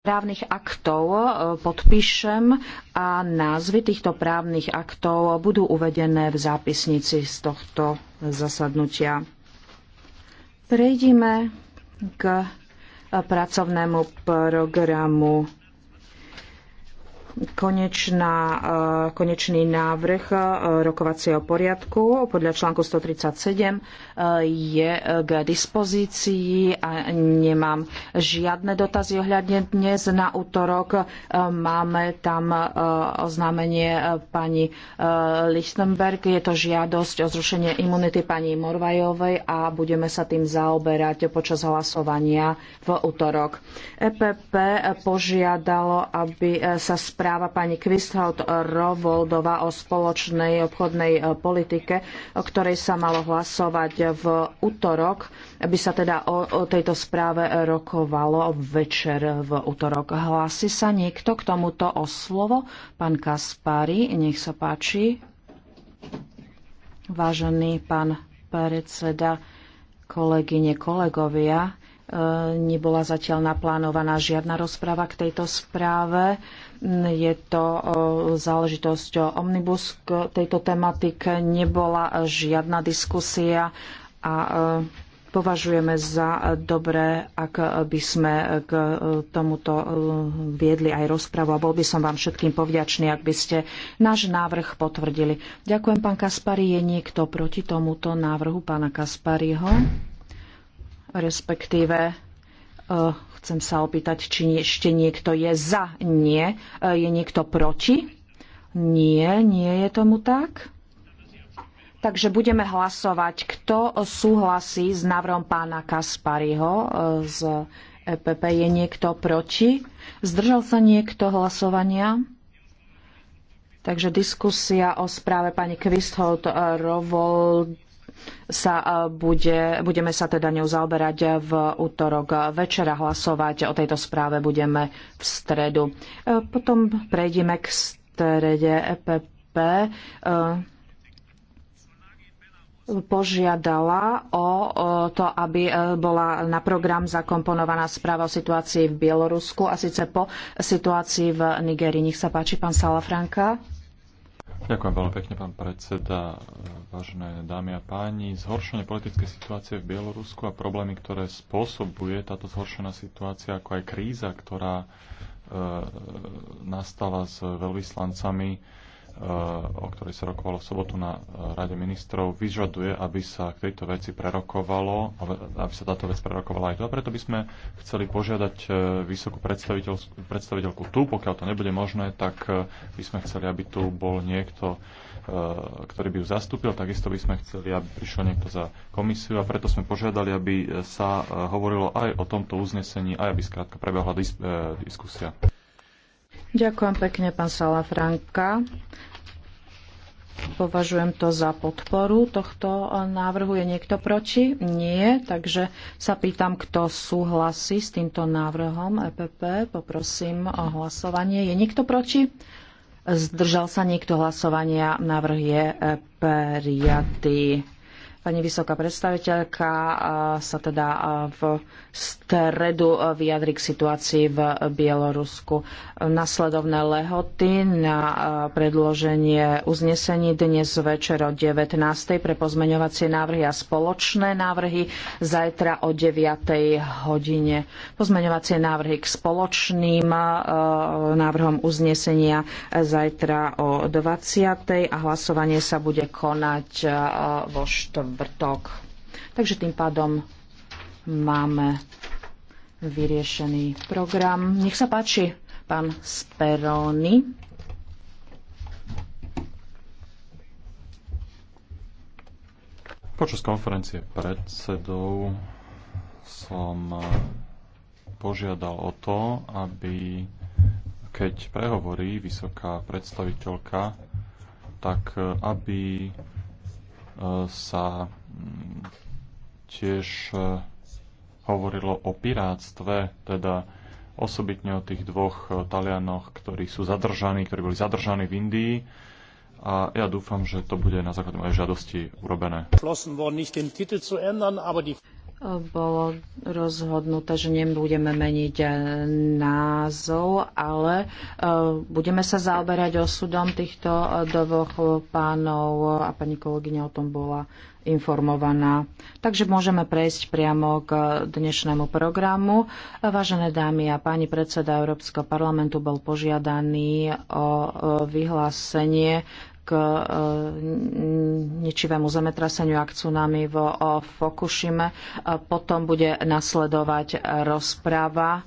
právnych aktov e, podpíšem a názvy týchto právnych aktov budú uvedené v zápisnici z tohto zasadnutia. Prejdime k e, pracovnému programu konečná, eh, konečný návrh eh, rokovacieho poriadku podľa článku 137 eh, je k dispozícii a nemám žiadne dotazy ohľadne dnes na útorok. Máme tam oznámenie pani Lichtenberg. Je to žiadosť o zrušenie imunity pani Morvajovej a budeme sa tým zaoberať počas hlasovania v útorok. EPP požiadalo, aby sa spolu správa pani Kvisthout Rovoldova o spoločnej obchodnej e, politike, o ktorej sa malo hlasovať v útorok, aby sa teda o, o tejto správe rokovalo večer v útorok. Hlási sa niekto k tomuto o slovo? Pán Kaspari, nech sa páči. Vážený pán predseda, kolegyne, kolegovia, nebola zatiaľ naplánovaná žiadna rozprava k tejto správe. Je to záležitosť omnibus k tejto tematike. Nebola žiadna diskusia a e, považujeme za dobré, ak by sme k e, tomuto e, viedli aj rozpravu a bol by som vám všetkým povďačný, ak by ste náš návrh potvrdili. Ďakujem, pán Kaspari. Je niekto proti tomuto návrhu pána Kaspariho? respektíve e, chcem sa opýtať, či ešte niekto je za, nie. E, je niekto proti? Nie, nie je tomu tak. Takže budeme hlasovať, kto súhlasí s návrhom pána Kaspariho e, z EPP. Je niekto proti? Zdržal sa niekto hlasovania? Takže diskusia o správe pani Kvisthout Rovold sa e, bude, budeme sa teda ňou zaoberať v útorok večera hlasovať. O tejto správe budeme v stredu. E, potom prejdeme k strede EPP e, požiadala o to, aby bola na program zakomponovaná správa o situácii v Bielorusku a síce po situácii v Nigerii. Nech sa páči, pán Salafranka. Ďakujem veľmi pekne, pán predseda, vážené dámy a páni. Zhoršenie politickej situácie v Bielorusku a problémy, ktoré spôsobuje táto zhoršená situácia, ako aj kríza, ktorá e, nastala s veľvyslancami, Eh, o ktorej sa rokovalo v sobotu na eh, Rade ministrov, vyžaduje, aby sa k tejto veci prerokovalo, aby sa táto vec prerokovala aj tu. A preto by sme chceli požiadať eh, vysokú predstaviteľku tu, pokiaľ to nebude možné, tak by sme chceli, aby tu bol niekto, ktorý by ju zastúpil. Takisto by sme chceli, aby prišiel niekto za komisiu a preto sme požiadali, aby sa hovorilo aj o tomto uznesení, aj aby skrátka prebehla dis- diskusia. Ďakujem pekne, pán Sala Franka. Považujem to za podporu tohto e, návrhu. Je niekto proti? Nie. Takže sa pýtam, kto súhlasí s týmto návrhom EPP. Poprosím o hlasovanie. Je niekto proti? Zdržal sa niekto hlasovania. Návrh je e, prijatý. Pani vysoká predstaviteľka sa teda v stredu vyjadri k situácii v Bielorusku. Nasledovné lehoty na predloženie uznesení dnes večer o 19. pre pozmeňovacie návrhy a spoločné návrhy zajtra o 9. hodine. Pozmeňovacie návrhy k spoločným návrhom uznesenia zajtra o 20. a hlasovanie sa bude konať vo štvrtok vrtok. Takže tým pádom máme vyriešený program. Nech sa páči, pán Speroni. Počas konferencie predsedov som požiadal o to, aby keď prehovorí vysoká predstaviteľka, tak eh, aby sa mm, tiež e, hovorilo o pirátstve, teda osobitne o tých dvoch e, Talianoch, ktorí sú zadržaní, ktorí boli zadržaní v Indii. A ja dúfam, že to bude na základe mojej žiadosti urobené bolo rozhodnuté, že nebudeme meniť eh, názov, ale eh, budeme sa zaoberať osudom týchto eh, dvoch pánov a pani kolegyňa o tom bola informovaná. Takže môžeme prejsť priamo k dnešnému programu. Vážené dámy a páni, predseda Európskeho parlamentu bol požiadaný o vyhlásenie k ničivému zemetraseniu a tsunami v Fukushime. Potom bude nasledovať rozprava